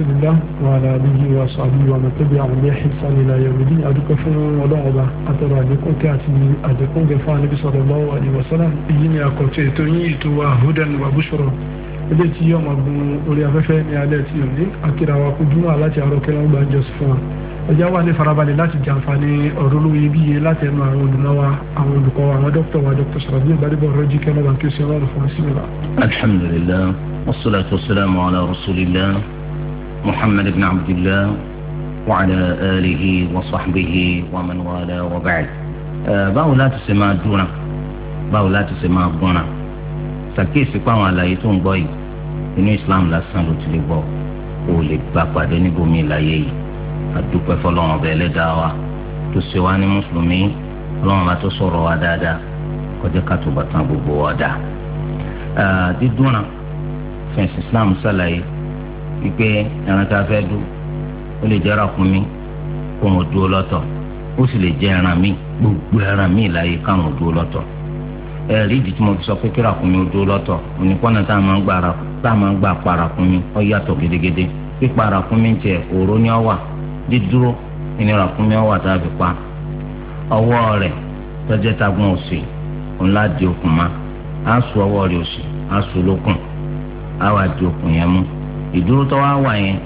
الحمد لله وعلى آله وصحبه ومن تبعهم بإحسان إلى يوم الدين أدوك فنون ولعبة أترى لكم كاتم أدوكم كفاء النبي صلى الله عليه وسلم إيني أكوتي تنيت وهدى وبشرى ilé tí yọ ọmọ gun orí afẹ́fẹ́ ní alẹ́ tí òní akíra wa kú júmọ́ láti àárọ̀ kí wọ́n gba jọ́sí fún wa ẹjá wà ní farabalẹ̀ láti jàǹfààní ọ̀rọ̀ olówó iyebíye láti ẹnu àwọn olùmọ̀ wa àwọn olùkọ́ wa àwọn dókítà wa dókítà sọ̀rọ̀bí ìgbàdébọ̀ ọ̀rọ̀ jí kẹ́lọ́ bá kí o ṣe ọlọ́run fún ọ sí mi la. alhamdulilayi wasalaatu wasalaamu ala rasulillah محمد بن عبد الله وعلى آله وصحبه ومن والاه وبعد báwo láti ṣe máa dúnra báwo láti ṣe máa gbọ́nra ṣàkíyèsí páwọn àlàyé tó ń gbọ́ yìí inú Islam lásán ló ti lè gbọ́ kó lè gbà pàdé níbòmí ìlàyé yìí àdúpẹ́ fọlọ́wọn ọbẹ̀ ẹlẹ́dàá wa tó ṣe wá ní mùsùlùmí ọlọ́run bá tó sọ̀rọ̀ wa dáadáa kọjá ká tó bàtàn gbogbo wa dá. dídúnra fẹ̀sì Islam ṣàlàyé wípé ẹran tá a fẹ́ dú ó lè jẹ́ o kó wọn dúró lọ́tọ̀ ó sì lè jẹ́ ẹran míì gbogbo ẹran míì láyé káwọn dúró lọ́tọ̀ ẹ̀rí ìdí tí mo fi sọ pé kí ràkúnmí ó dúró lọ́tọ̀ onípọ́nà tá a máa ń gbà tá a máa ń gbà pa yàtọ̀ pípa òró ni ó wà dídúró wà tá a di okùn ma ọwọ́ rẹ̀ òsì wà di ìdúró tó wá wà yẹn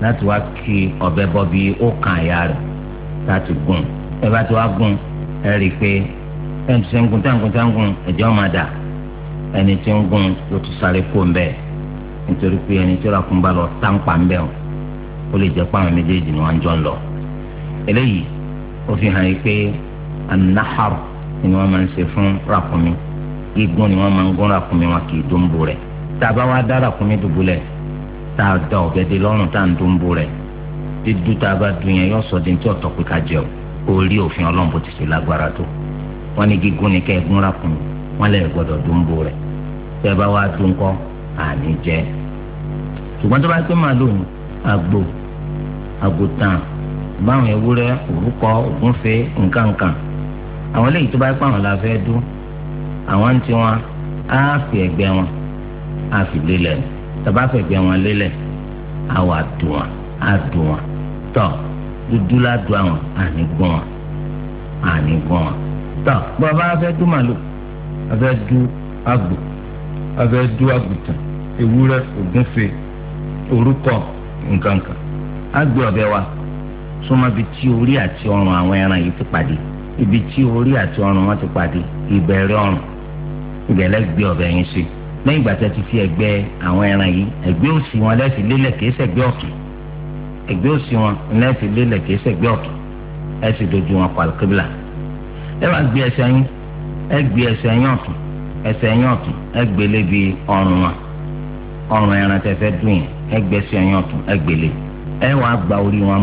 láti wá kí ọ̀bẹ bọ́ bí ó kan àyà rẹ̀ láti gùn ẹ bá ti wá gùn ẹ rí i pé ẹ ti ṣe ń gun táǹgùn táǹgùn ẹ̀jẹ̀ ọ̀ma dà ẹni tí ń gùn ló ti sáré kó ń bẹ̀ nítorí pé ẹni tí ó rà kún bá lọ táǹpà ń bẹ̀ wọn ó lè jẹ́ pàmò méjèèjì ni wọ́n jọ ń lọ. eléyìí ó fi hàn yí pé anahar ni wọ́n máa ń ṣe fún rakumi gígùn ni wọ́n máa ń gún ràkúnmí wọn kì í dúnbù rẹ̀ tá a bá wá dá ràkúnmí dùbúlẹ̀ tá a da ọ̀gẹ̀dẹ̀ lọ́rùn tá à ń dún bú rẹ̀ dídú tá a bá dun yẹn yóò sọ di tí ọ̀tọ̀ pé ká jẹ o kó rí òfin ọlọ́run bó ti ṣe lágbára tó wọ́n ní gígùn ní kẹ́ ẹ gúnra kùn wọ́n lè gbọ́dọ̀ dún bú rẹ̀ tẹ́ bá wá dún kọ́ àní jẹ ṣùgbọ́n tó bá pé màálù àgbò àgùntàn báwọn ewúrẹ́ òrúkọ ògúnfe nǹkankan àwọn eléyìí tó bá pé àwọn la dún àwọn ń tiwọn á fi ẹ̀gbẹ́ wọn á fi lélẹ̀ ni tàbá fẹ̀gbẹ́ wọn lélẹ̀ àwọn àdùn wọn àdùn wọn tọ̀ dúdú ládùn àwọn àní gbọ́n wọn àní gbọ́n wọn tọ̀ bàbá afẹ́ dún màlúù afẹ́ dún àgbò afẹ́ dún àgùntàn ewúrẹ́ ògúnfe orúkọ nkankan àgbẹ̀ ọ̀bẹ wa súnmọ́ ibi tí orí àti ọrùn àwọn ẹran yìí ti pàdé ibi tí orí àti ọrùn wọn ti pàdé ìbẹ̀rẹ̀ ọrùn ìbẹ̀lẹ̀ gbé ọ̀bẹ yín sí i lẹ́yìn ìgbà tí a ti fi ẹ̀gbẹ́ àwọn ẹran yìí ẹ̀gbẹ́ òsì wọn lẹ́sìn lélẹ̀ kìí sẹ̀gbẹ́ ọ̀tún ẹ̀gbẹ́ òsì wọn lẹ́sìn lélẹ̀ kìí sẹ̀gbẹ́ ọ̀tún ẹ sì dojú wọn pa àlùkébìlà ẹ wá gbé ẹsẹ̀ yín ẹ gbé ẹsẹ̀ yín ọ̀tún ẹsẹ̀ yín ọ̀tún ẹ gbélé bí ọrùn wọn ọrùn ẹran tẹ fẹ́ dùn yẹn ẹ ẹsẹ̀ yín ọ̀tún ẹ gbélé gba orí wọn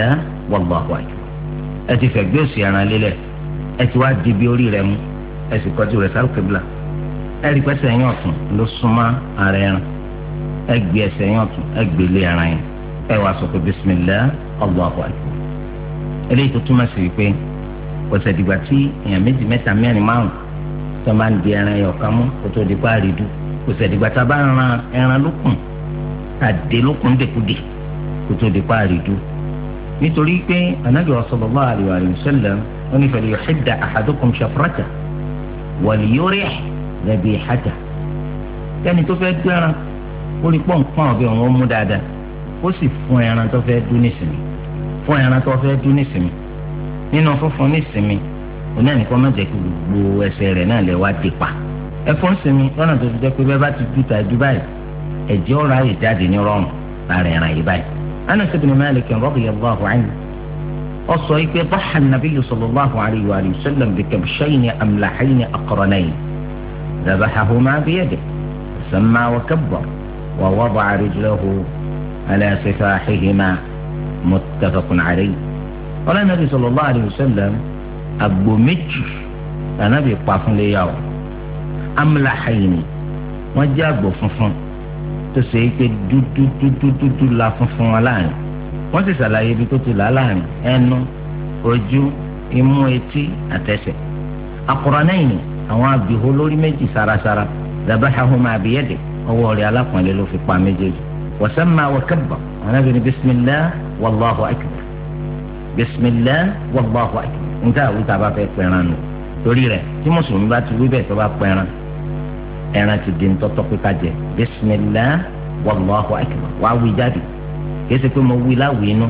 mú ẹ bá gbórí ẹ ti fẹ̀gbẹ́ òsì ara lélẹ̀ ẹ ti wá di bí orí rẹ̀ mú ẹ sì kọjú rẹ̀ sáré kébìlà ẹ rí pẹ́sẹ̀ ló ara ẹran ẹ gbé ẹsẹ̀ yín ọ̀tún ẹ gbé ẹran yẹn ẹ wàá sọ pé bisimilá Allahu akbar eléyìí tó túmọ̀ sí wípé ọ̀sẹ̀ dìgbà tí èèyàn méjì mẹ́ta ẹran nítorí pé anabi sallallahu alayhi wa sallam wọn ní fẹlẹ yuhidda ahadukum shafrata wal yurih dhabihata kẹni tó fẹ́ dún ẹran ó rí pọnpọn ọbẹ òun ó mú dáadáa ó sì fún ẹran tó fẹ́ dún nísìmí fún ẹran tó fẹ́ dún nísìmí nínú fúnfún nísìmí oní ẹnìkan má jẹ kí gbogbo ẹsẹ̀ rẹ̀ náà lè wá dé pa ẹfọn sinmi lọ́nà tó ti jẹ pé bẹ́ẹ̀ bá ti dùn tàbí báyìí ẹ̀jẹ̀ ọ̀rọ̀ jáde ní rọrùn lára ẹran yìí báyìí. أنس بن مالك رضي الله عنه الصيف ضحى النبي صلى الله عليه وآله وسلم بكبشين أملحين أقرنين ذبحهما بيده سمى وكبر ووضع رجله على سفاحهما متفق عليه قال النبي صلى الله عليه وسلم أبو مجر النبي قافن لياو أملحين وجابوا فنفن tó ṣe é pé dúdúdúdúdú la funfun wọn láàrin wọ́n sì ṣàlàyé ibi tó ti là á láàrin ẹnu ojú imú etí àtẹsẹ̀ Al-Qur'anayn àwọn abìhó lórí méjì sarasara dabahahuma abiyade ọwọ́ rẹ̀ alápọ̀nlé ló fi pa méjèèjì wa samma wa kabba Ànábì ní bismillah wallahu akbar bismillah wallahu akbar níta àwùjọ àbáfẹ́ nù torí rẹ̀ tí mùsùlùmí bá ti wí bẹ́ẹ̀ tó bá pẹ̀ràn ẹran ti di ntọ́tọ́ pípa jẹ bisimilá wàlúwàhù akbar wàá wí jáde kéésì pé mo wí láwìí inú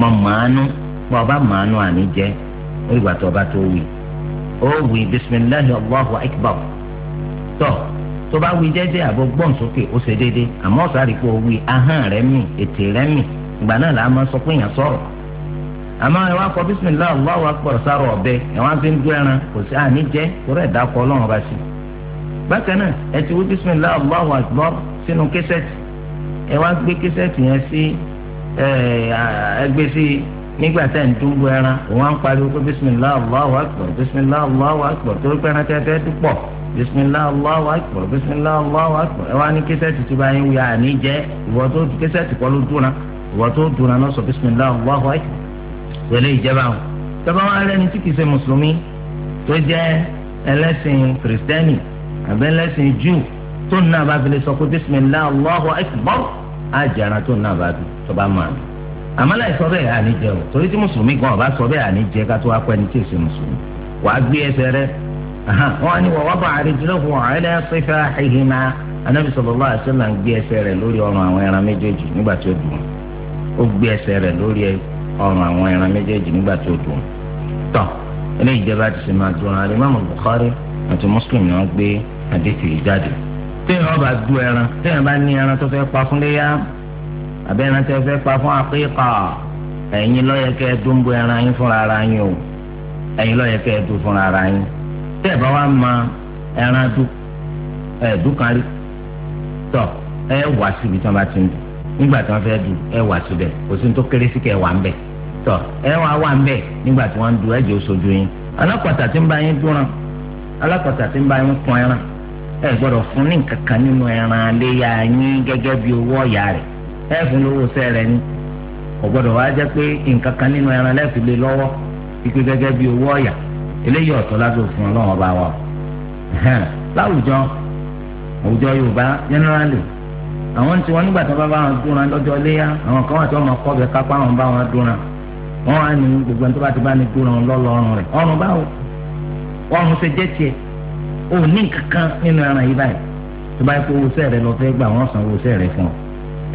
mo màánú ọba màánú àní jẹ ó ìgbà tó ọba tó wí ó wí bisimilá wàlúwàhù akbar tọ tó bá wí jẹ́jẹ́ àbọ̀ gbọ́n ó ṣe déédéé àmọ́ pé wí ahọ́n mì ètè mì ìgbà náà làá máa sọ pé èèyàn sọ̀rọ̀ àmọ́ ẹ wá kọ bisimilá wàlúwàhù sáró bákan náà ẹ ti wí bisimilahi allahu akbar sínú kẹsẹ̀tì ẹ wá gbé kẹsẹ̀tì yẹn sí ẹgbẹ́ sí nígbà tá à ń dúró ẹran òun á ń pariwo pé bisimilahi allahu akbar bisimilahi allahu akbar torí pé ẹran tẹ́tẹ́ dúpọ̀ bisimilahi allahu akbar bisimilahi allahu akbar ẹ wá ní kẹsẹ̀tì tí báyìí wíyà àní jẹ́ ìwọ tó kẹsẹ̀tì kọ́ ló dúnra ìwọ tó dúnra náà sọ bisimilahi allahu akbar pẹ̀lú ìjẹba wọn. tọ́ba wọn alẹ́ ni tí kìí ṣe mùsùlùmí tó jẹ́ ẹlẹ́sìn kìrìsìtẹ́nì àbẹ́lẹ́sìn jù tó ń náà bá fi lè sọ pé bísímìlá Allahu akbar àjàrà tó ń náà bá fi tó bá máa mi àmọ́ láì sọ bẹ́ẹ̀ àní jẹ o torí tí mùsùlùmí gan ọba sọ bẹ́ẹ̀ àní jẹ ká tó wá pẹ́ ní tí èsì mùsùlùmí wàá gbé ẹsẹ̀ rẹ wọn ni wọ́n wá bá àrídìlọ́fù ọ̀rẹ́dẹ́ sífẹ́ àhìhìmá anábì sallallahu alaihi ń gbé ẹsẹ̀ àti muslim na gbé àdéhùn yìí jáde téèyàn bá du ẹran téèyàn bá ní ẹran tó fẹ pa fún léyà àbẹ ẹran tó fẹ pa fún yẹ ẹ ẹran yín fúnra ara yín o ẹ̀yin ló yẹ ara yín bá ẹran dún kan rí tọ ẹ wà síbi tí bá ti ń dùn nígbà tí tọ ẹ wà wà ń nígbà tí dùn ẹ alákọ̀tà tí ń bá yín pọn ẹran ẹ gbọ́dọ̀ fún ní nǹkan nínú ẹran léya yín gẹ́gẹ́ bí owó ọ̀yà rẹ̀ ni kò gbọ́dọ̀ wá jẹ́ pé nínú ẹran lé lọ́wọ́ gẹ́gẹ́ bí owó wa láwùjọ àwùjọ yorùbá generally àwọn tí wọn nígbà tí wọn bá bá wọn dúnra lọ́jọ́ àwọn kan wà tí wọn kọ́ kápá wọn bá wọn dúnra wọn ní gbogbo ẹni tó bá ti bá ọrùn ṣe jẹ́ tiẹ̀ o ní kankan nínú ẹran yìí báyìí tó bá yẹ kó wosẹ́ rẹ lọ fẹ́ gbà wọ́n san wosẹ́ rẹ fún ọ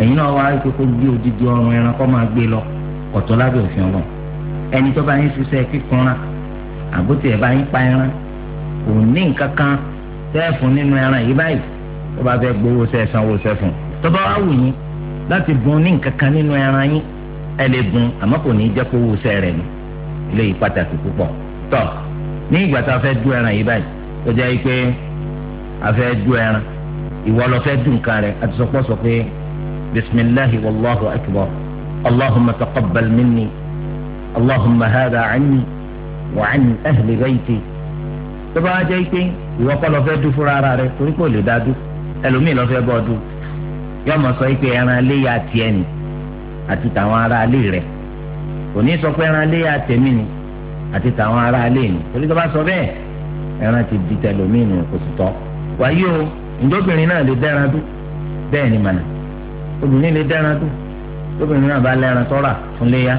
ẹ̀yin náà wá rí kókó gbé odidi ọrùn ẹran kọ́ máa gbé lọ ọ̀tọ̀ lábẹ́ òfin ọlọ́ ẹni tó bá yín ṣiṣẹ́ kíkanran àbótí ẹ̀ bá yín pa ẹran kò ní kankan sẹ́ẹ̀fún nínú ẹran yìí báyìí tó bá fẹ́ gbowó sẹ́ẹ̀ sanwó sẹ́fún tó bá wá wù yín láti bùn ní kankan nínú ẹran yín ẹ lè bùn àmọ́ kò ní jẹ́ kó wù sẹ́ẹ̀ rẹ̀ ilé yìí pàtàkì púpọ̀ tọ́ ní ìgbà tá a fẹ́ du ẹran yìí báyìí ó jẹ́ pé a fẹ́ du ẹran ìwọ lọ fẹ́ du nǹkan rẹ̀ àti sọpọ́ sọ pé bisimilahi wàlláhu akbar allahumma taqabbal minni allahumma hada anni wa an ahli bayti tó bá jẹ́ pé ìwọ kọ́ lọ fẹ́ du fúnra ara rẹ̀ torí kò lè dá du ẹlòmíì lọ fẹ́ bọ́ du yóò mọ̀ sọ pé ẹran léyà tiẹ̀ ni àti tàwọn ará ilé rẹ̀ kò ní sọ pé ẹran léyà tèmi ni àti tàwọn ará ilé yìí torí tó bá sọ bẹ́ẹ̀ ẹran ti di tẹlómìnì oṣù tọ́ wáyé o ǹjọ́bìnrin náà lè dẹ́ran dún bẹ́ẹ̀ ni mànà obìnrin lè dẹ́ran dún lóbìnrin náà bá lẹ́ran tọ́ra fún léyà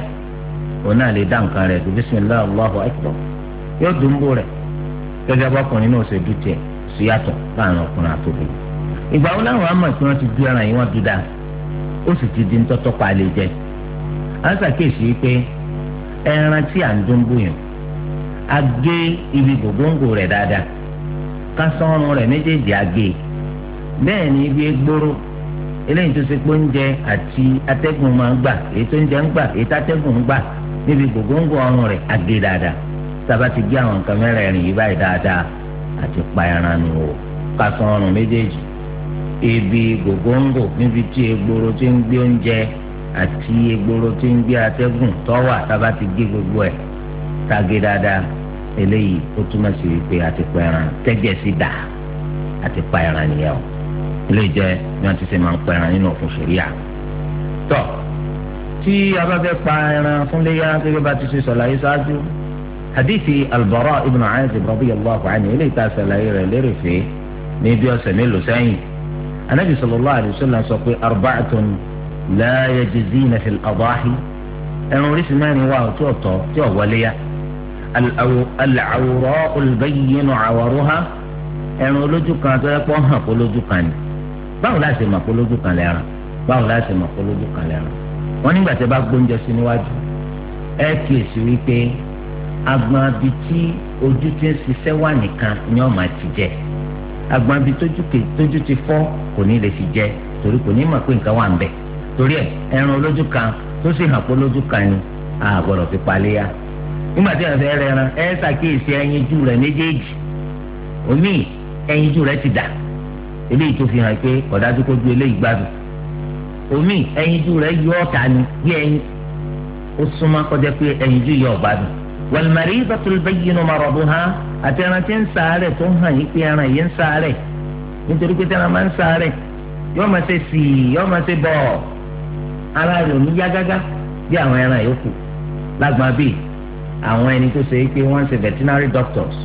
òun náà lè dá nǹkan rẹ̀ dùn bisimilahi allahu akbar yóò dùn bò rẹ̀ gẹ́gẹ́ bọ́kùnrin náà ṣe tiẹ̀ sí yàtọ̀ láàrin ọkùnrin ìgbà wo láwọn àmọ̀ ti ẹran yìí wọ́n ẹran tí à ń dúnbù yàn a gé ibi gògóńgò rẹ dáadáa ká sọ́run rẹ méjèèjì a gé bẹ́ẹ̀ ni ibi egboro eléyìí tó ṣe pé oúnjẹ àti atẹ́gùn máa ń gbà èyí tó ń ń gbà èyí tó atẹ́gùn ń gbà níbi ọrùn gé dáadáa sábà ti gé àwọn nǹkan mẹ́rẹ̀ẹ̀rin yìí báyìí dáadáa àti pa ẹran nù ibi egboro ti ń gbé àti egboro tí ń gbé atẹ́gùn tọ́wà tába ti gé gbogbo ẹ̀ tágé dáadáa eléyìí ó túmọ̀ sí wípé àti pa ẹran tẹ́jẹ̀ sí dà àti pa ẹran nìyẹn o eléyìí jẹ́ bí wọ́n ti ṣe máa ń pa ẹran nínú òfin ṣòríà tọ́ tí a bá fẹ́ pa ẹran fún léyà gẹ́gẹ́ bá ti ṣe sọ̀láyé ṣáájú hadithi al ibn Azib radiyallahu anhu eléyìí tá a ṣàlàyé rẹ̀ lérè fèé ní bí ọ̀sẹ̀ mélòó sẹ́yìn anabi sallallahu alayhi sọ pé arba'atun láàyè jìzí na fi ọ̀bọ̀áhì ẹran oríṣi mẹ́rin wà tí ọ̀tọ̀ tí ọ̀ wọlé ya alàwòrán olùbẹ́yìí nù àwòrán ha ẹran olójú kan tó yẹ kó hàn kó lójú kan ni báwo láti mọ̀ kó lójú kan lẹ́ran báwo láti mọ̀ kó lójú kan lẹ́ran wọ́n nígbà tí a bá gbóúnjẹ sí níwájú ẹ kíyèsí wípé agbọn abi tí ojú ti ń ṣiṣẹ́ wà nìkan ni ọ̀ máa ti jẹ agbọn abi tójú ti fọ́ kò ní lè fi jẹ torí kò ní mọ̀ pé nǹkan wà ń bẹ̀ torí ẹ ẹran olójú kan tó sì hàn pé olójú kan ni a gbọ́dọ̀ fi paléyà nígbà tí ẹ̀rọ fẹ́ rẹran ẹ ṣàkíyèsí ẹyinjú rẹ méjèèjì omi ẹyinjú rẹ ti dà eléyìí tó fi hàn pé ọ̀dájú kó ju eléyìí gbádùn omi ẹyinjú rẹ yọ ọ̀tá ni bí ẹyin ó súnmọ́ kọjá pé ẹyinjú yọ ọ̀gbádùn wàlùmọ̀rì ìbátúrú bẹ́ẹ̀ yìí ni ọmọ ọ̀rọ̀ hàn àti ẹran tí ń sàárẹ̀ tó ń hàn yìí pé ẹran yìí ń sàárẹ̀ nítorí pé tẹ́ran máa ń sàárẹ̀ yọ́ọ́ máa ṣe sì yọ́ọ́ máa ṣe bọ́ọ̀ ara rẹ̀ ò ní yá gágá bí àwọn ẹran yòókù lágbàá bíi àwọn ẹni tó ṣe é pé wọ́n ń ṣe veterinary doctors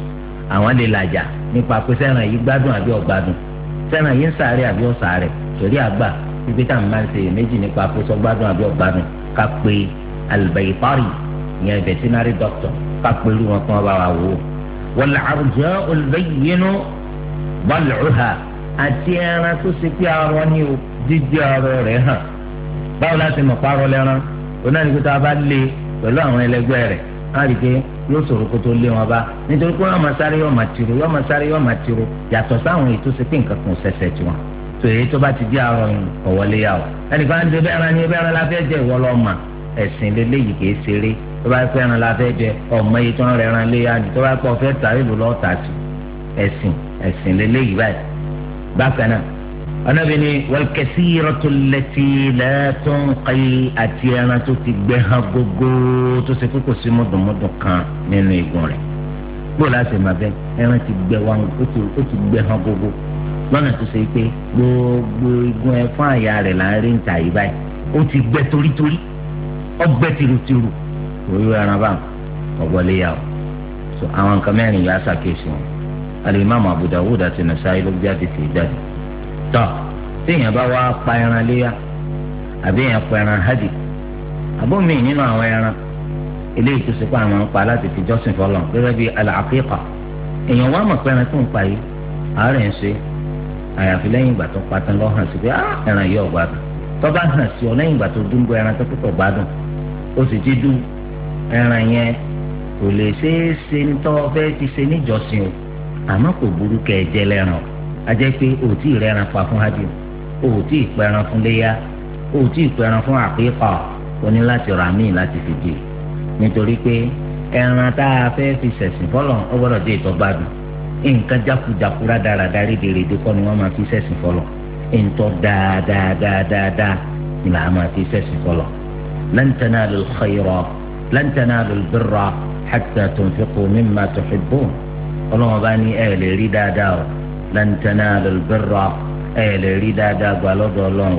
àwọn lè làjà nípa pé sẹ́ràn yìí gbádùn àbí ọ̀gbádùn sẹ́ràn yìí ń sàárẹ̀ àbí ọ̀sàárẹ̀ torí àgbà pípé tá à ń máa ń ṣe méjì nípa pé sọ gbádùn àbí ọ̀gbádùn ká pé albaytari ìyẹn veterinary doctor ká pé irú wọn kí bá wa wò ó. wal arja'ul bayyinu bal'uha àti ẹran tó ṣe pé arọ ni o dídí arọ rẹ̀ hàn báwo láti mọ̀ pààrọ̀ lẹ́ran oní àdìgbò tá a bá lé pẹ̀lú àwọn ẹlẹgbẹ́ rẹ̀ á rí i pé yóò sọ̀rọ̀ kó tó lé wọn bá nítorí pé yóò máa sáré yóò máa tiro yóò máa sáré yóò máa tiro yàtọ̀ sáwọn ètò ṣe pé nǹkan kan ṣẹ̀ṣẹ̀ tiwọn tó èyí tó bá ti di àrọ̀ yìí ọ̀wọ́lé yà wọ́ ẹnìkan ń de bẹ́ẹ̀rẹ̀ ni bẹ́ẹ̀rẹ̀ la fẹ́ jẹ ìwọ lọ́ọ̀mà ẹ̀sìn lélẹ́yìí kìí ṣeré tó bá fẹ́ ẹran la fẹ́ jẹ ọmọ iye tó ń rẹ ẹran léyà ni tó bá pọ̀ fẹ́ tà ìlú lọ́ọ̀tà sí ẹ̀sìn ẹ̀sìn lélẹ́yìí báyìí bákan náà anabi ni wàlkẹsí rọtulẹtì lẹtọǹkàyí àti ẹran tó ti gbẹ hàn gógó tó ṣe kókò sí mọdùnmọdùn kan nínú igun rẹ̀ bó láti máa bẹ ẹran ti gbẹ wọn ó ti gbẹ hàn gógó lọ́nà tó ṣe pé gbogbo igun ẹ fún àyà rẹ̀ là ń rí níta yìí báyìí ó ti gbẹ torítorí ọgbẹ tìrùtìrù òyìnbó ẹran bá ọgbọlé yà ó so àwọn nǹkan mẹ́rin yóò ṣàkíyèsí wọn alimami Abu Dawud àti Nasa'i ló gbé àdìsí jáde. tọ́ téèyàn bá wá pa ẹran léyà àbí ẹran pa ẹran hajj àbómi nínú àwọn ẹran eléyìí tó ṣe pé àwọn ń pa láti fi jọ́sìn fọlọ́ gẹ́gẹ́ bíi al-aqiqa èèyàn wá mọ̀ pé ẹran tó ń pa yìí àárẹ̀ ń ṣe àyàfi lẹ́yìn ìgbà tó pa tán lọ́ hàn sí pé ẹran yìí tó bá hàn ọ lẹ́yìn ìgbà tó ẹran tó ó sì ti ẹran yẹn kò lè ṣeé ṣe tọ́ ajẹ́ pé òtí ìrẹ́ran pa fún hajj òtí ìpẹran fún léyà òtí ìpẹran fún àpékọ oní láti rà míì láti fi dì nítorí pé ẹran tá a fẹ́ fi ṣẹ̀sìn fọlọ̀ ọ gbọ́dọ̀ dé ìtọ́gbádùn nǹkan jákujàku rádaràdà rédèrèdè kọ́ ni wọ́n máa fi ṣẹ̀sìn fọlọ̀ ntọ́ dáadáadáadáa ni làá máa fi ṣẹ̀sìn fọlọ̀ lan tanalul khayra lan tanalul birra hatta tunfiqu mimma ní ẹ̀ lè rí dáadáa o. لن تنالوا البر اي لريدا دا غالو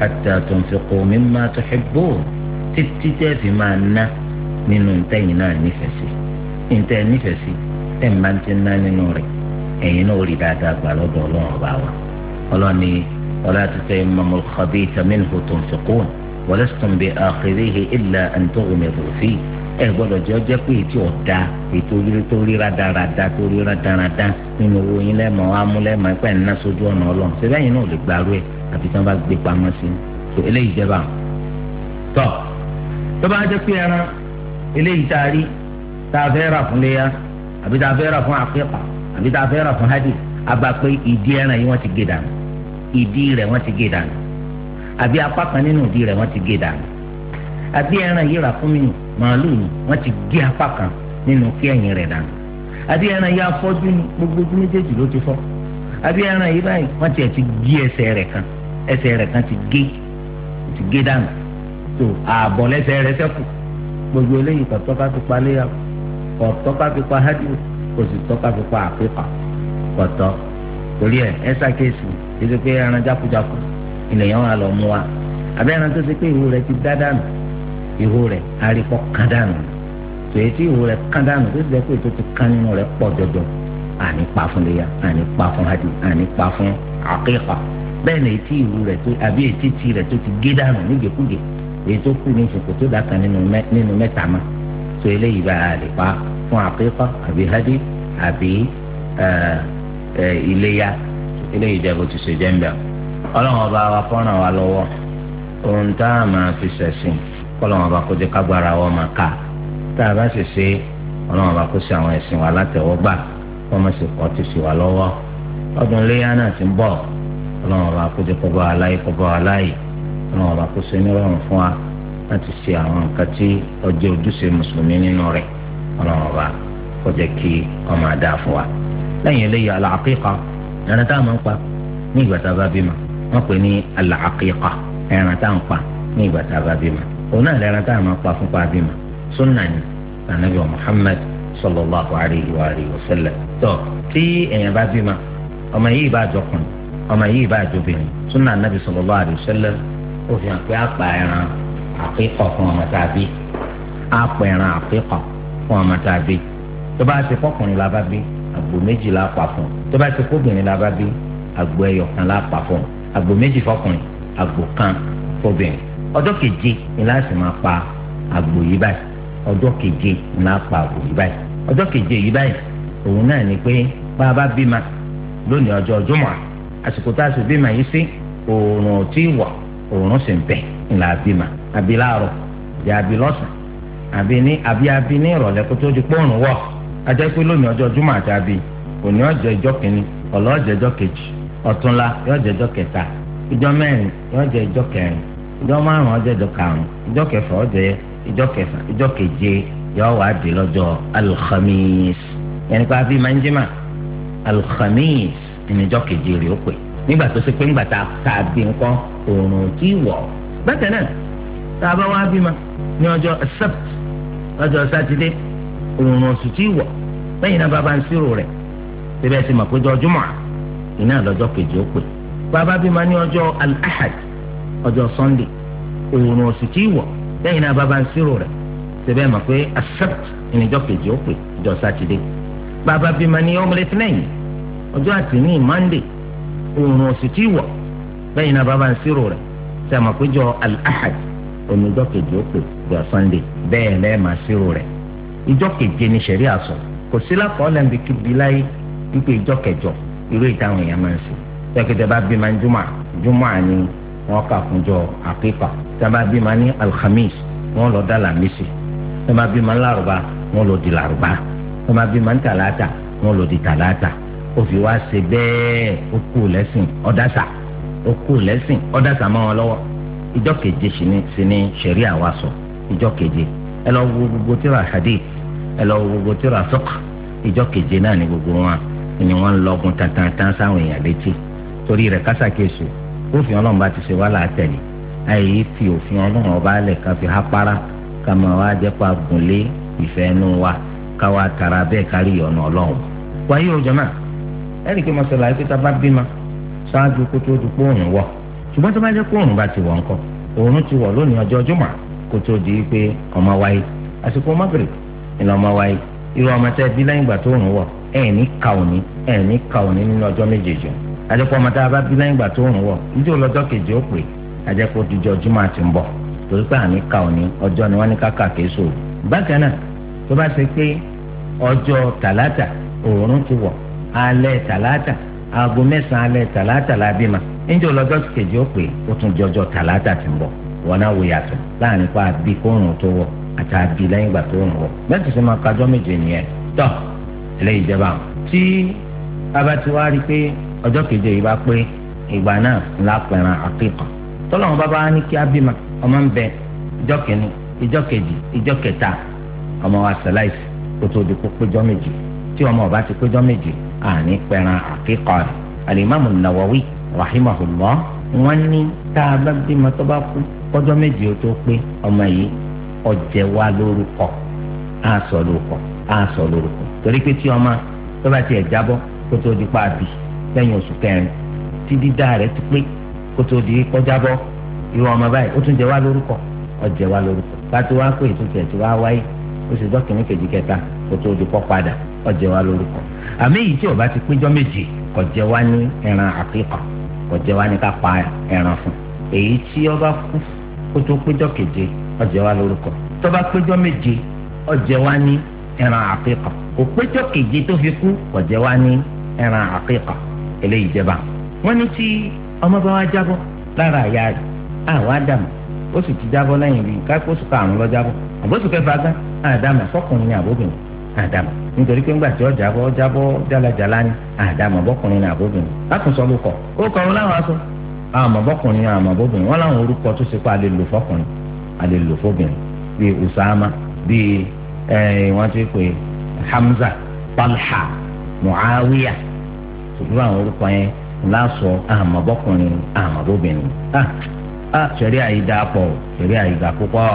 حتى تنفقوا مما تحبون تتتي في مانا من انتينا نفسي انت نفسي اما انتنا نوري اي نوري دا دا غالو دولون باوا ولاني ولا تتيمموا الخبيث منه تنفقون ولستم باخذيه الا ان تغمضوا فيه ẹ gbọ́dọ̀ jẹ́ ọjẹ́ pé ètò ọ̀dà ètò tó rí rádaràda tó rí rádaràda nínú owó yín lẹ́mọ̀ amúlẹ́mọ̀ ẹ̀pẹ́ ńná sójú ọ̀nà ọlọ́run ṣẹlẹ̀ yìí náà lè gbàrú ẹ̀ àfi tí wọ́n bá gbé pamọ́ sí i tó eléyìí jẹba tọ́ tó bá jẹ́ pé ẹran eléyìí tá a rí tá a fẹ́ rà fún léyà àbí tá a fẹ́ rà fún àfẹ́pà àbí tá a fẹ́ rà fún hádì àgbà pé ìdí ẹran yìí wọ́n ti gé dànù ìdí rẹ̀ wọ́n ti gé dànù àbí apá kan nínú ìdí rẹ̀ wọ́n ti gé dànù àbí ẹran yìí rà fún mi nù màálù ni wọn ti gé apá kan nínú kí ẹ̀yìn rẹ̀ dànù àbí ẹran yìí afọ́jú ni gbogbo ojú ló ti fọ́ àbí ẹran yìí báyìí wọ́n ti ẹ̀ ti kan ẹsẹ̀ kan ti gé ti gé dànù tó ààbọ̀ lẹ́sẹ̀ sẹ́kù gbogbo eléyìí kò tọ́ka fi pa léyà kò tọ́ka fi pa kò sì tọ́ka fi pa àpépà kò tọ́ torí ẹ ẹ ṣàkíyèsí ẹ ti pé ẹran jákujáku ilẹ̀ yẹn ti pé ìwú ìró rẹ̀ arípọ̀ kan dànù tòye tí ìró rẹ̀ kan dànù tó ti jẹ́ pé tó ti kan nínú rẹ̀ pọ̀ àní pa fún léyà àní pa fún hadi àní pa fún àkíkà bẹ́ẹ̀ ni etí ìró rẹ̀ tó àbí etí ti rẹ̀ tó ti gé dànù nígekúge èyí tó kú ní ìsìnkú tó dàkà nínú mẹ́ta mọ́ tó eléyìí bá a fún àkíkà àbí hadi àbí iléyà eléyìí jẹ́ bó ti ṣe jẹ́ ń bẹ̀rù ọlọ́run ọba wa fọ́ràn wa lọ́wọ́ ohun tá a máa fi ṣẹ̀sìn kọ́lọ́wọ́n bá kó jẹ́ kágbára wọn máa kà tá a bá sì ṣe ọlọ́wọ́n bá kó ṣe àwọn ẹ̀sìn wa látẹ̀wọ́gbà wọ́n má sì kọ́ ti sì wá lọ́wọ́ ọdún léyà náà ti ń bọ̀ ọlọ́wọ́n bá kó jẹ́ kó bá wa láyé kó bá wa láyé ọlọ́wọ́n bá kó ṣe nírọ̀rùn fún wa láti ṣe àwọn nǹkan tí ọjọ́ ojúṣe mùsùlùmí nínú rẹ̀ ọlọ́wọ́n bá kó kí ọmọ òun náà lẹ́ran tá a máa pa fún pàbí mà sunna ni anabi wa muhammad sallallahu alayhi wa alayhi wa sallam tó tí èèyàn bá bímọ ọmọ yìí bá jọkùn ọmọ yìí bá jọbìnrin sunna anabi sallallahu alayhi wa sallam ó fi hàn pé àpà ẹran àpékọ̀ fún ọmọ tàbí àpà ẹran àpékọ̀ fún ọmọ tàbí tó bá ti kọkùnrin la bá bí àgbò méjì la pa fún tó bá ti kóbìnrin la bí àgbò ẹyọ kan la pa fún àgbò méjì fọkùnrin àgbò kan fóbìnrin ọjọ́ keje ni láti máa pa àgbò yìí báyìí ọjọ́ keje ni láti pa àgbò yìí báyìí ọjọ́ keje yìí báyìí òun náà ni pé bá a bá bímọ lónìí ọjọ́ jùmọ̀ àsìkò tá a sì bímọ yìí sí oòrùn tí ì sì ń bẹ ńlá bímọ àbí lọ́sàn di wọ̀ ajẹ́ pé lónìí ọjọ́ àti àbí òní ọjọ́ kìíní ọ̀lọ́ ọjọ́ kejì ìjọ márùn ọjọ́ ìjọ karùn ìjọ kẹfà ọjọ́ ìjọ kẹfà ìjọ keje yọ wá di lọ́jọ́ alhamis yẹn nípa bíi manjima alhamis ìníjọ keje rè ó pè nígbà tó ṣe pé ńgbà tá a bí nǹkan oòrùn tí wọ̀ bákan náà tá a bá wá bímọ ní ọjọ́ sept lọ́jọ́ sátidé oòrùn oṣù tí wọ̀ lẹ́yìn náà bàbá ń sírò rẹ̀ síbẹ̀ sí mọ̀ pé ọjọ́ jùmọ̀ iná lọ́jọ́ keje ó pè bàbá bímọ ní ọjọ́ alahad ọjọ́ sunday òòrùn òsì tí wọ̀ lẹ́yìn náà bàbá ń sírò rẹ̀ síbẹ̀ mọ̀ pé accept ìníjọ́ kejì ó pè ọjọ́ sátidé bàbá bímọ ní ọmọ lẹ́yìn ọjọ́ monday wọ̀ lẹ́yìn náà bàbá ń sírò rẹ̀ síbẹ̀ mọ̀ pé jọ kejì ó pè ọjọ́ sunday bẹ́ẹ̀ lẹ́ẹ̀ máa sírò rẹ̀ keje ni sẹ̀rí kò sí wọn kà kúnjọ àkíkà tẹ́lẹ̀ bí ma ní alhamis wọn lọ dá làmísì tẹ́lẹ̀ bí ma ní làrúbá wọn lọ di làrúbá tẹ́lẹ̀ bí ma ní tàlátà wọn lọ di tàlátà ó fi wá ṣe bẹ́ẹ̀ ó kú lẹ́sìn ọ̀dàṣà ó kú lẹ́sìn ọ̀dàṣà mọ́ wọn lọ́wọ́ ìjọ keje sí ni sẹ̀rí àwa sọ ìjọ keje ẹ lọ wo gbogbo tíra hadith ẹ lọ wo gbogbo tíra fiqh ìjọ keje náà ni gbogbo wọn ni wọn lọgun tantan tán sáwọn èèyàn létí torí rẹ̀ kásákèsù bófin ọlọ́run bá ti ṣe wá látẹ̀lé àyè fi òfin ọlọ́run ọba alẹ̀ ká fi há para ká máa wá jẹ́pà gùnlé ìfẹ́ inú wa ká wá tara bẹ́ẹ̀ kárí ọ̀nà ọlọ́run. wáyé o jọ̀mọ́ ẹnì kí mọ̀sálà yìí tá a bá bímọ ṣáájú kó tó di kóòrùn wọ̀ ṣùgbọ́n tó bá jẹ́ kóòrùn bá ti wọ̀ ńkọ́ òórùn ti wọ̀ lónìí ọjọ́ jùmọ̀ kó tó di pé ọmọ wáyé àsìkò magrib ìlà ọmọ wáyé irú ọmọ tẹ́ bí lẹ́yìn ìgbà tó òórùn wọ̀ ẹ̀ ní ka òní ẹ̀ ní ka òní nínú ọjọ́ méjèèjì àjẹpọ̀ ọmọ tá a bá bí wọ ìgbà tó rùn o níjẹ́ ọlọ́jọ́ kejì ó pè àjẹpọ̀ òdìjọ́ jùmọ̀ àti ń bọ̀ torí pé ka òní ni wọ́n ní ká kà késo bákan náà tó bá ṣe tàlátà òórùn ti wọ alẹ tàlátà aago alẹ tàlátà la bí ma kejì ó pè ó tún tàlátà ti ń wọn náà wò láàrin pa tó àti àbí ìgbà tó ọjọ́ keje yìí bá pé ìgbà náà ńlá pẹ̀ràn àkíkà tọ́lọ́wọ́n bá bá ní kí á bímọ ọmọ ń bẹ ìjọ kìíní ìjọ kejì ìjọ kẹta ọmọ wa sẹláìsì kó tó di kó péjọ méjì tí ọmọ ọba ti péjọ méjì àní pẹ̀ràn àkíkà rẹ̀ alimami nawawi rahimahullah wọn ní tá a bá bímọ tó bá kú kọjọ méjì ó tó pé ọmọ yìí ọjẹ wa lórúkọ á sọ lórúkọ á sọ lórúkọ torí pé tí ọmọ tó bá tiẹ̀ jábọ́ kó tó di pa bíi lẹ́yìn oṣù kẹrin tí dídá rẹ̀ ti pé kó tó di kọjá bọ́ irú ọmọ báyìí ó tún jẹ wá lórúkọ ó jẹ wá lórúkọ kátó wá pé ìtúntẹ̀ tí wá wáyé oṣù dọ́kìnrin kejì kẹta kó tó di kọ́ padà ó jẹ wá lórúkọ àmì èyí tí ó bá ti péjọ méje kò jẹ wá ní ẹran àkíkà kò jẹ wá ní ká pa ẹran fún èyí tí ó bá kú kó tó péjọ keje ó wá lórúkọ tó bá péjọ méje ó wá ní ẹran àkíkà kò péjọ keje tó fi kú kò jẹ wá ní ẹran àkíkà eléyìí jẹba wọn ní tí ọmọ bá wá a lára àyà rẹ̀ àwọn àdàmà ó sì ti jábọ́ lẹ́yìn bíi káàkó oṣù karùnún lọ jábọ́ àbóṣù kẹfà gán àdàmà sọkùnrin ní àbóbìnrin àdàmà nítorí pé ńgbà tí ó jábọ́ ó jábọ́ jálajàlá ni àdàmà bọkùnrin àbóbìnrin usama bíi ẹ eh, hamza talha muawiya ṣùgbọ́n àwọn orúkọ yẹn láṣọ àmọ́bọ́kùnrin àmọ́bọ́bìnrin ah, ah ṣẹ̀rí àyídá pọ̀ ṣẹ̀rí àyídá púpọ̀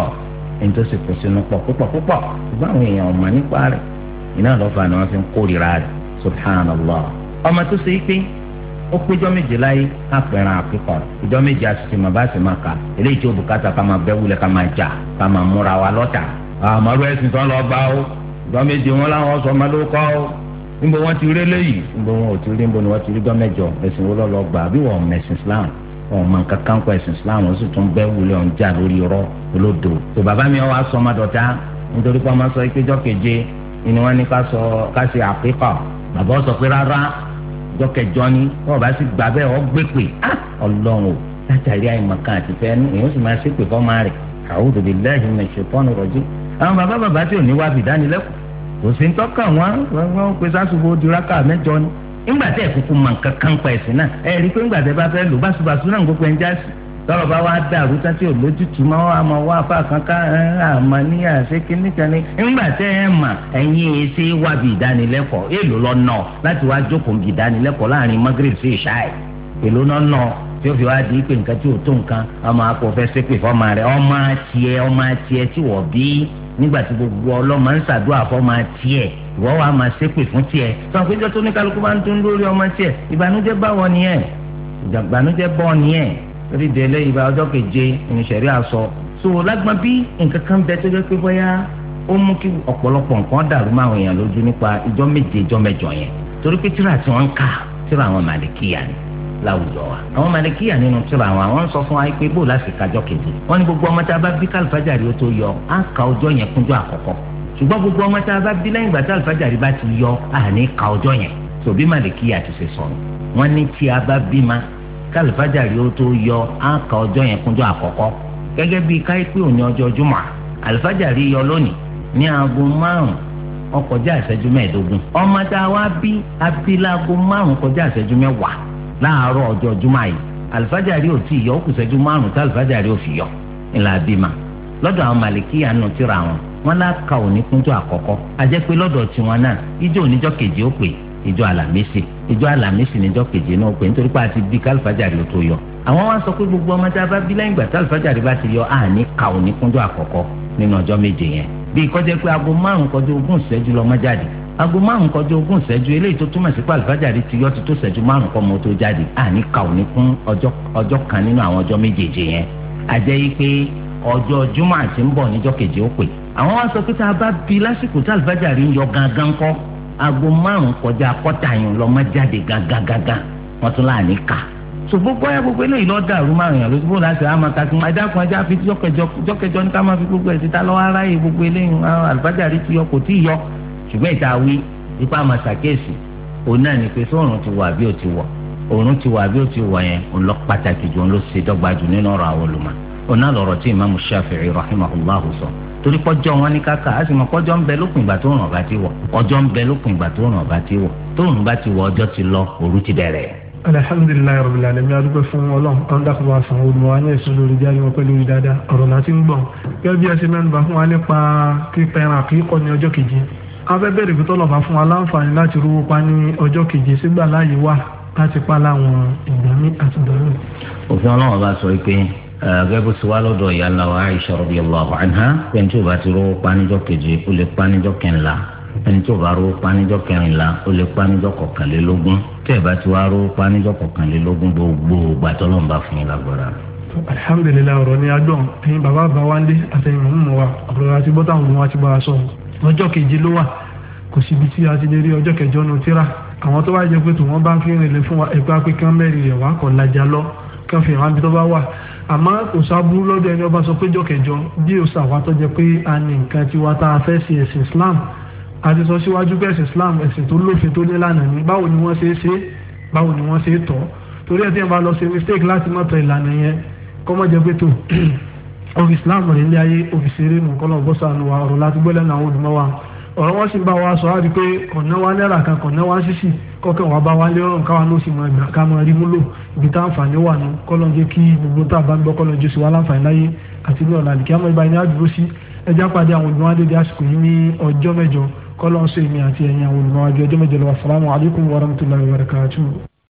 ẹni tó sì kó sínú pọ̀ púpọ̀ púpọ̀ ṣùgbọ́n àwọn èèyàn ọ̀mà nípa rẹ̀ iná lọ́fà ni wọ́n fi ń kórìíra rẹ̀ subhanallah ọmọ tó ṣe é pé ó péjọ méje láyé àpẹẹrẹ àpẹkọ ìjọ méje àṣìṣe mà bá sì máa kà eléyìí tí ó bùkátà ká máa bẹ́ wulẹ̀ ká máa jà ká máa múra wa lọ́tà àmọ́rú ẹ̀sìn tán lọ́ọ́ bá ó ìjọ méje wọn láwọn sọ ọmọ ló níbo wọn ti rí eléyìí níbo wọn ò ti rí níbo ni wọn ti rí gọ́mẹ̀jọ ẹ̀sìn wo lọ́lọ́ gbà àbí wọn mẹ̀sìn Islam wọn mọ nǹkan kan kọ ẹ̀sìn Islam wọn sì tún bẹ́ẹ̀ wulẹ̀ ọ̀n jà lórí irọ́ olódo tó bàbá mi wá sọ ọmọ dọ̀tá nítorí pé ọmọ sọ ìpéjọ keje ni wọn ní ká sọ ká ṣe àpékọ bàbá sọ pé rárá jọkẹjọ ni wọn bá sì gbà bẹ́ẹ̀ ọ gbé pè á ah! Ọlọ́run o látàrí àìmọ̀kan àti fẹ́ẹ́nu èèyàn sì máa ṣépè fọ́ máa rẹ̀ a'udhu billahi minash shaitani rajim àwọn bàbá bàbá tí ò ní wá fìdánilẹ́kọ̀ọ́ kò sí ń tọ́ka wọn wọn ni ńgbà tẹ́ ìkúkú mọ̀ nǹkan kan pa náà ẹ rí i pé ńgbà bá lò báṣubàṣu náà gbogbo ẹ̀ ń tọrọ bá wá dà rú tán tí ò lójútùú máa wá máa wá apá kankan àmọ́ ní àṣẹ kínní kan ní ńgbà tẹ́ ẹ mà ẹ̀yin ṣe wábi èèlò láti wá jókòó ìdánilẹ́kọ̀ọ́ láàrin magreth sí ìṣáì èèlò lọ́nà tí ó fi wá tí ò tó nǹkan ọmọ akọ nígbà tí gbogbo ọlọ́mọ ń ṣàdúrà fọ́mọ tiẹ̀ ìwọ́ wa máa ṣépè fún tiẹ̀ sọ pé jọ́tọ́ ní kálukú bá ń dún lórí ọmọ tiẹ̀ ìbànújẹ́ báwọ̀ nìyẹn ìbànújẹ́ bọ́ nìyẹn lórí ìdẹ́lẹ́ ìbá ọjọ́ keje ìníṣẹ̀rí àṣọ so lágbọ́n bí nǹkan kan bẹ tó jẹ́ pé bóyá ó mú kí ọ̀pọ̀lọpọ̀ nǹkan dàrú máwọn èèyàn lójú nípa ìjọ méje ìjọ mẹ́jọ yẹn torí pé tíra tí wọ́n ń kà tíra àwọn màlìkíyà ni láwùjọ wa. àwọn malikiya nínú tíra wọn àwọn sọ fún wa pé bó láti kájọ kejì wọn ni gbogbo ọmọ tá a bá bí kálífàjárì ó tó yọ á ka ọjọ́ yẹn kúnjọ́ àkọ́kọ́ ṣùgbọ́n gbogbo ọmọ tá a bá bí lẹ́yìn ìgbà tí àlùfájàrí bá ti yọ àní ka ọjọ́ yẹn tòbí màlìkíyà ti ṣe sọ̀rọ̀ wọ́n ní tí a bá bí ma tí àlùfájàrí ó tó yọ á ka ọjọ́ yẹn kúnjọ́ àkọ́kọ́ gẹ́gẹ́ bí káyipé òní ọjọ́ jùmọ̀ àlùfájàrí yọ lónìí ní aago márùn ó kọjá ìṣẹ́jú mẹ́ẹ̀ẹ́dógún ọmọ tá a wá bí abilago márùn kọjá ìṣẹ́jú mẹ́wàá láàárọ̀ ọjọ́ jumá yìí alifájàrí ò tí ì yọ ó kù sẹ́jú márùn-ún tí alifájàrí ò fi yọ ńlá bímà lọ́dọ̀ àwọn màlìkí àánú tíra wọn wọn láka òní kúnjọ àkọ́kọ́ ajẹ́ pé lọ́dọ̀ tiwọn náà ìjọ oníjọ́ kejì ó pè ìjọ àlàmísì ìjọ àlàmísì níjọ́ kejì náà ó pè nítorí pé a ti bí kálífàjàrí ó tó yọ àwọn wá sọ pé gbogbo ọmọ tí a bá bí lẹ́yìn ìgbà tálífàjàrí bá ti yọ àní ka òní kúnjọ àkọ́kọ́ nínú ọjọ́ méje yẹn bí kọjá pé aago márùn kọjá ogún ìṣẹ́jú lọ́mọ jáde aago márùn kọjá ogún ìṣẹ́jú eléyìí tó túmọ̀ sí pé àlùfájàrí ti yọ ti tó ìṣẹ́jú márùn kọ́ mo tó jáde àní kà ò ní kún ọjọ́ kan nínú àwọn ọjọ́ méjèèjì yẹn àjẹ́ yìí pé ọjọ́ júmọ̀ àti ń bọ̀ níjọ́ kejì ó pè àwọn wá sọ pé tá a bá bi lásìkò tí àlùfájàrí ń yọ gangan kọ́ aago márùn kọjá kọ́tà yìí lọ́mọ jáde gangan wọ́n tún láàní kà ṣùgbọ́n bóyá gbogbo eléyìí lọ́ọ́ dàrú márùn yàn lóṣù bóun láti àmọ́ ká tún ẹ̀dá kan ẹja fi jọ́kẹjọ ní ká máa fi gbogbo ẹ̀ síta lọ́wọ́ aráyè gbogbo eléyìí àlùfájàrí ti yọ kò tí ì yọ ṣùgbọ́n ìta wí ipá máa ṣàkíyèsí òun náà ni pé sóòrùn ti wà bí ó ti wọ̀ òòrùn ti wà bí ó ti wọ̀ yẹn òun lọ pàtàkì jù òun ló ṣe dọ́gba jù nínú ọ̀rọ̀ àwọn olùmọ̀ òun náà lọ̀rọ̀ tí imaamu shafi'i rahimahullahu sọ torí pọ́jọ́ wọn ní kàkà á sì mọ pọ́jọ́ ń bẹ lópin ìgbà tóòrùn ọ̀bá ti wọ̀ ọjọ́ ń bẹ lópin ìgbà tóòrùn ọ̀bá ti wọ̀ tóòrùn bá ti wọ̀ ọjọ́ ti lọ òru ti dẹ̀rẹ̀ alhamdulilayi rabil alamin adúgbò fún ọlọ́run ọ̀ndàkùnmá san olùmọ̀ wa ní ẹ̀sùn lórí jáde wọn pẹ̀lú ìdáda ọ̀rọ̀ láti ń gbọ̀n gẹ́gẹ́ bí ẹ ṣe wa nípa pípẹ́ràn àkíkọ́ ní ọjọ́ kejì afẹ́ bẹ̀rẹ̀ pé tọ́lọ̀ bá fún wa láǹfààní láti rówó pa ní ọjọ́ keje sígbà láàyè wà láti pa láwọn ìgbàmí àti ìdánwò. òfin ọlọ́run bá sọ pé gẹ́gẹ́ bó ti wá lọ́dọ̀ ìyá aláwa Aisha radiyallahu anha ẹni tí ò bá ti rówó pa níjọ́ keje ó lè pa níjọ́ kẹńlá ẹni tí ò bá rówó pa níjọ́ kẹrìnlá ó lè pa níjọ́ kọkànlélógún tẹ́ ẹ̀ bá ti wá rówó pa níjọ́ kọkànlélógún gbogbo alhamdulilayi ọ̀rọ̀ ni a dọn ẹ̀yin baba bawande àtẹ̀yin mọmọ wa ọ̀rọ̀ àti bọtà wọn wa ti bá a ọjọ́ keje ló wà kò síbi tí a ti lè rí ọjọ́ kẹjọ nu tíra àwọn tó bá jẹ pé tòun bá ń fi rìnlẹ̀ fún wa ẹ̀gbá pé kán mẹ́rin rẹ̀ wá kọ̀ lajà lọ kán fi hàn bí tó bá wà àmọ́ kò sábúrú lọ́dọ̀ ẹni ọba sọ pé jọ kẹjọ bí o sàwá tó jẹ pé a ní nǹkan tiwa tá a fẹ́ sí ẹ̀sìn Islam a ti sọ síwájú pé ẹ̀sìn Islam ẹ̀sìn tó lófin tó nílànà ni báwo ni wọ́n ṣe é ṣe báwo ni wọ́n ṣe é tọ́ torí ẹ̀ tí wọ́n bá lọ ṣe mistake láti mọ̀tọ̀ ìlànà yẹn kọ́mọ́jẹ́ pé tó ọ̀rọ̀ islam rẹ̀ ilé ayé òfìsèré nù kọ́nà bọ́sà nù wa ọ̀rọ̀ láti gbọ́lẹ̀ náà wọ́n dùnmọ́ wa ọ̀rọ̀ wọn sì ń bá wa sọ wáyé pé kọ̀nà wa náírà kan kọ̀nà wa ṣíṣì kọ́kẹ́ wa bá wa lé ọ̀rùn káwa ló sì mọ ìgbà ká mọ rí múlò ibi tá àǹfààní wà nù kọ́nà jẹ́ kí gbogbo tá a bá ń gbọ́ kọ́nà jésù wa láǹfààní láyé àti